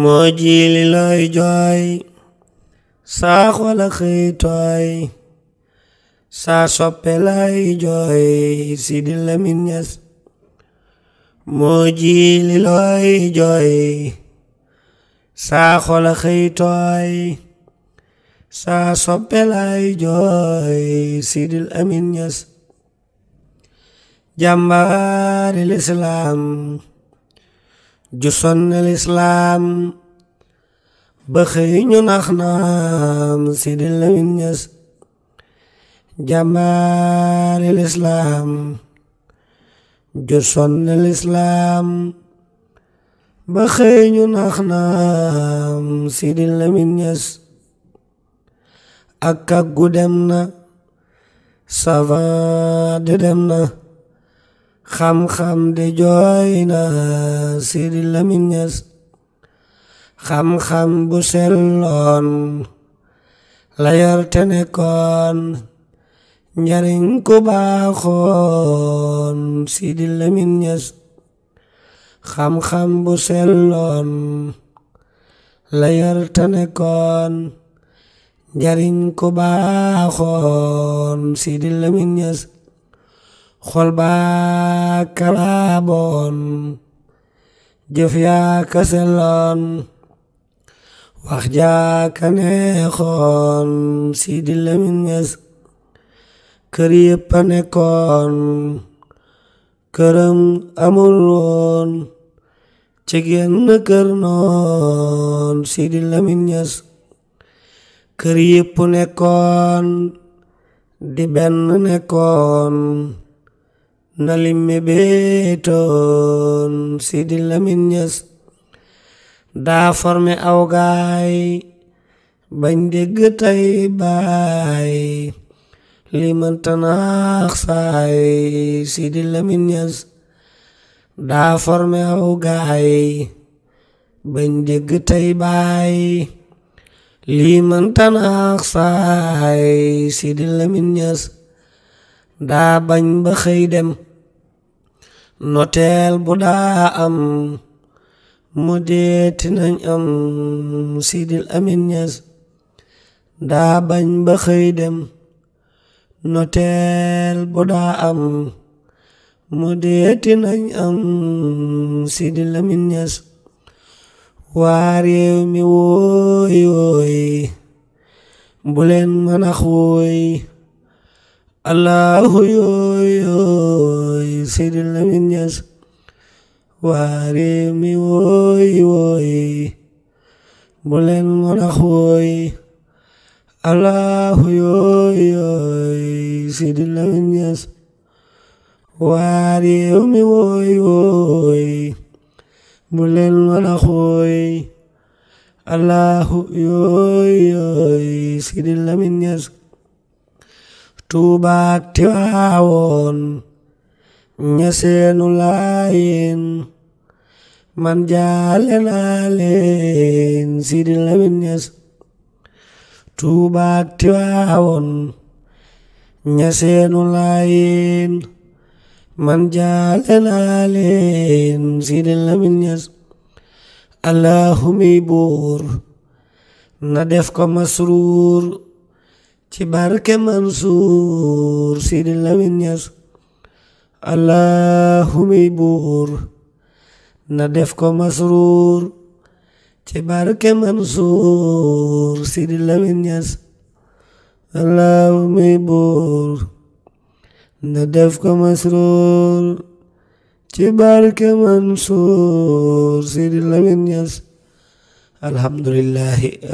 moo jiili looy jooy saa xola xëy tooy saa soppe lay jooy Sidi Lamin Ñas moo jiili looy jooy saa xola xëy tooy saa soppe lay jooy Sidi Lamin Ñas jàmbaari lislaam ju sonnal islaam ba xëy ñu nax naam Sidi Lamin Ñas jàmbaaril islaam ju sonnal islaam ba xëy ñu nax naam Sidi Lamin Ñas ak kàggu dem na savant dem na xam-xam de jooy na Sidi Lamine Niass xam-xam bu selloon la yor te nekkoon Sidi Lamine Niass xam-xam bu selloon la yor te nekkoon Sidi Lamine Niass xol baa kalaaboon jëf yaa ka selloon wax kër yëpp a nekkoon këram amul woon ci genn kër noon Sidi benn nekkoon ndalim mi beetoon Sidi Lamine Niass daa formé aw gaay bañ dégg tay baay li man tanaax saay Sidi Lamine Niass daa formé aw gaay bañ dégg tay baay li man tanaax saay Sidi Lamine Niass daa bañ ba dem noteel bu daa am mu deeti nañ am sidil amin ñas daa bañ ba xëy dem noteel bu daa am mu deeti nañ am sidil amin ñas waa mi wooy wooy bu leen mën a allahu yooy Seydi Lamine Niass waa réew mi wooy wooy bu leen wooy allahu yooy yooy Seydi Lamine Niass waa réew mi wooy wooy bu leen wooy allahu yooy yooy Seydi Lamine Niass tuubaak ti waawoon ñeseenu laayin man jaale naa Lamin Ñas tuubaak ti waawoon ñeseenu man jaale naa Lamin Ñas allahumi buur na def ko masruur ci barke Mansuur Sidi Lamin Ñas allahumi buur na def ko masruur ci barke Mansuur Sidi Lamin Ñas allahumi buur na def ko masruur ci barke Mansuur Sidi Lamin Ñas alhamdulillahi